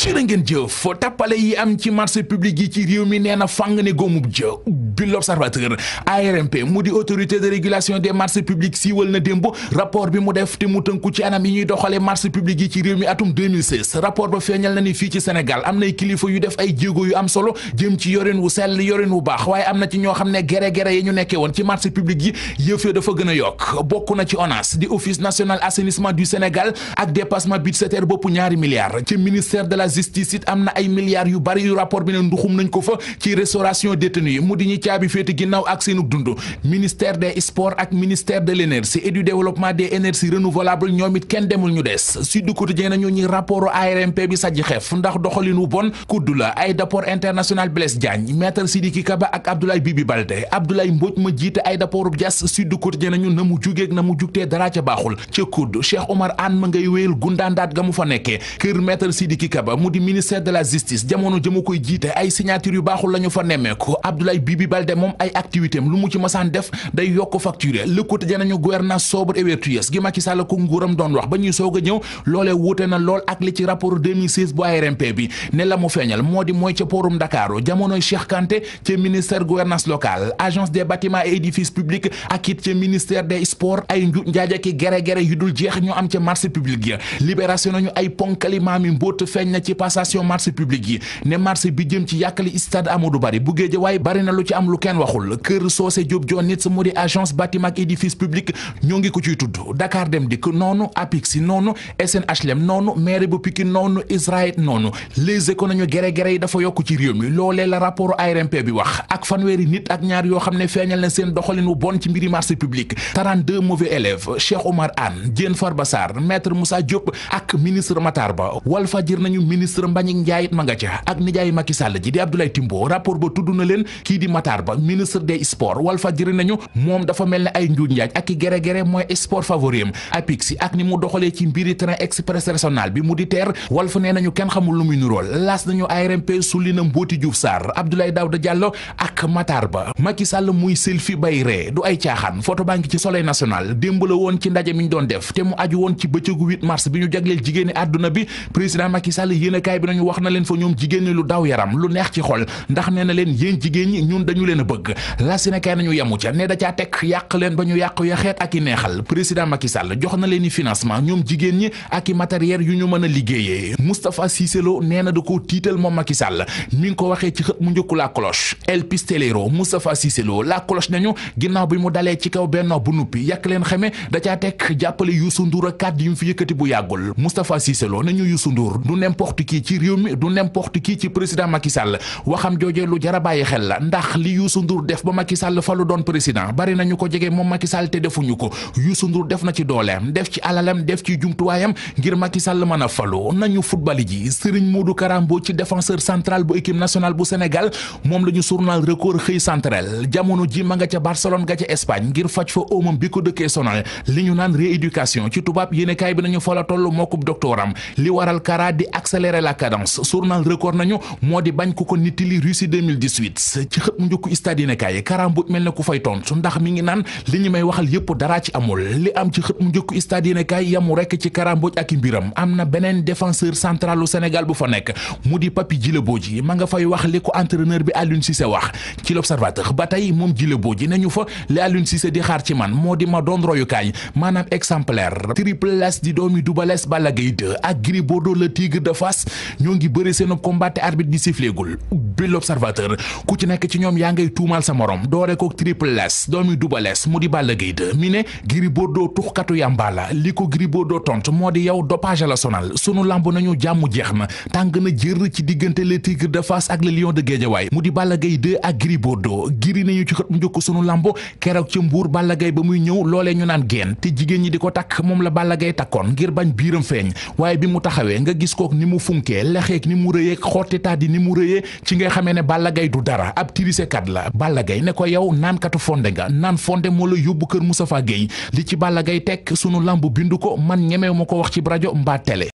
jërë ngeen jëf tappale yi am ci yi ci réew mi nee na fàng ne góomub jë bi l'observateur ARMP mu di autorité de régulation des marchés publics siiwal na démb rapport bi mu def te mu tënku ci anam yi ñuy doxalee marché public yi ci réew mi atum 2016 rapport ba feeñal na ni fii ci Sénégal am nay kilifa yu def ay jéego yu am solo jëm ci yorin wu sell yorin wu baax waaye am na ci ñoo xam ne gere gere yi ñu nekkee woon ci marché public yi yëf ya dafa gën a yokk bokk na ci ONAS di office national assainissement du Sénégal ak dépassement budgétaire justice am na ay milliards yu bari yu rapport bi ne nduxum nañ ko fa ci restauration détenus yi mu di ñu caabi féeti ginnaaw ak seenug dund ministère des sports ak ministère de l'énergie et développement des énergies renouvelables ñoom it kenn demul ñu des Sud Quotidien nañu ñi rapportu ARMP bi sajji xef ndax doxalinu bon kudd la aéroport international Blaise Diagne maître Sidiki Kaba ak Abdoulaye Bibi Baldé Abdoulaye Mbodj ma jiite aéroport bu Diass Sud Quotidien nañu na mu jugeeg na mu jugtee dara ca baaxul ca kudd Cheikh Omar Anne ma ngay wéyal gundaandaat ga mu fa nekkee kër maître Sidiki Kaba mu di ministère de la justice jamono jëma koy jiite ay signature yu baaxul la ñu fa nemmeeku Abdoulaye Bibi Baldé moom ay activité lu mu ci masaan def day yokk facture Le Quotidien nañu gouvernance sobre et vertueuse gi Macky Sall ko nguuram doon wax ba ñuy soog a ñëw loolee wuute na lool ak li ci rapport 2016 bu ARMP bi ne la mu feeñal moo di mooy ca poorum Ndakaaru jamonoy Cheikh Kanté ci ministère gouvernance locale agence de bâtiments et édifices publics ak it ci ministère des ay nju njaaja ki gere gere yu dul jeex ñu am ca marché public ya libération nañu ay ponkali maami mbóot feeñ ci passation marché public yi ne marché bi jëm ci yàkkali stade Amadou Barry bu Guédiawaye bari na lu ci am lu kenn waxul kër soosé Diop Dionitz mu di agence bâtiment ak édifice public ñoo ngi ko ciy tudd Dakar dem dikk noonu APIX noonu SNHLM noonu maire bu Pikine noonu Israël noonu les éco nañu gere-gere yi dafa yokk ci réew mi loolee la rapport ARMP bi wax ak fanweeri nit ak ñaar yoo xam ne feeñal na seen doxalin wu bon ci mbiri marché public 32 mauvais élèves Cheikh Omar Anne Diène Farba Sarr maître Moussa Diop ak ministre Matar Ba ministre Mbagnick Ndiaye it ma nga ca ak nijaay Macky ji di Abdoulaye Timbo rapport ba tudd na leen kii di Matar Ba ministre des sports Walfadjri nañu moom dafa mel ne ay njuuj njaaj ak i gere gere mooy sport favori am APIX ak ni mu doxalee ci mbiri train express régional bi mu di teer Walf nee nañu kenn xamul lu muy nurool las nañu ARMP sulli na Mbóoti Diouf Sarr Abdoulaye Daouda Diallo ak Matar Ba Macky muy selfie bay ree du ay caaxaan photo baa yéenekaay bi nañu wax na leen fa ñoom jigéen lu daw yaram lu neex ci xol ndax nee na leen yéen jigéen ñi ñun dañu leen a bëgg la yéenekaay nañu yemu ca ne da caa teg yàq leen ba ñu yàq ya xeet ak i neexal président Macky Sall jox na leen i financement ñoom jigéen ñi ak i matériel yu ñu mën a liggéeyee Moustapha Cissé Lo nee na da koo tiital moom Macky Sall mi ngi ko waxee ci mu njëkku la cloche El Pistolero Moustapha Cissé Lo la cloche nañu ginnaaw bi mu dalee ci kaw Benno bu nuppi yàq leen xame da caa teg jàppale Youssou Ndour ak kàddu yu mu fi yëkkati bu yàggul Moustapha Cissé nañu Youssou Ndour du n'importe n'importe qui ci réew mi du n'importe qui ci président Macky waxam joojee lu jara xel la ndax li Youssou Ndour def ba Macky falu doon président bari nañu ko jege moom Macky Sall te defuñu ko Youssou Ndour def na ci dooleem def ci alalem def ci jumtuwaayam ngir Macky Sall mën a falu nañu football ji Serigne Modou Karambo ci défenseur central bu équipe nationale bu Sénégal moom la ñu record xëy central jamono ji ma nga ca Barcelone ga ca Espagne ngir faj fa omam bi ko dëkkee sonal li accélérer la cadence journal record nañu moo di bañ ku ko nittili Russie ci xët mu njëkku stade yéenekaay karambuj mel ne ku fay tontu ndax mi ngi naan li ñu may waxal yëpp dara ci amul li am ci xët mu njëkku stade yéenekaay yamu rek ci karambuj ak i mbiram am na beneen défenseur central lu Sénégal bu fa nekk mu di Papy Djilé Bodji ma nga fay wax li ko entraîneur bi Aliou Cissé wax ci l'Observateur ba tey moom Djilé Bodji nañu fa li Aliou Cissé di xaar ci man moo di ma doon royukaay maanaam exemplaire triple S di doomi Passe ñoo ngi bëri seen combat te arbitre bi siffleegul ubbi l'observateur ku ci nekk ci ñoom yaa ngay tuumaal sa morom doore ko triple S doomi Double Less mu di Balla gay 2 mi ne Gris Bordeaux tuxkatu yàmba la li ko Gris Bordeaux tontu moo di yow dopage la sonal sunu lamb nañu jàmm jeex na tàng na jër ci diggante le tigre de Fass ak le lion de Guédiawaye mu di Balla Gaye 2 ak Gris Bordeaux giri nañu ci xët mu njëkk sunu lamb keroog ci mbuur Balla Gaye ba muy ñëw loolee ñu naan geen te jigéen ñi di ko takk moom la Balla Gaye takkoon ngir bañ biiram feeñ waaye bi mu taxawee nga gis kook ni mu funkee lexeeg ni mu rëyeeg xotti taat yi ni mu rëyee ci ngay xamee ne Balla Gaye du dara ab tirisekat la Balla Gaye ne ko yow naankatu fonde nga naan fonde moo la yóbbu kër Moustapha Gueye li ci Balla Gaye tekk sunu lamb bindu ko man ñemew ma ko wax ci rajo mbaa télé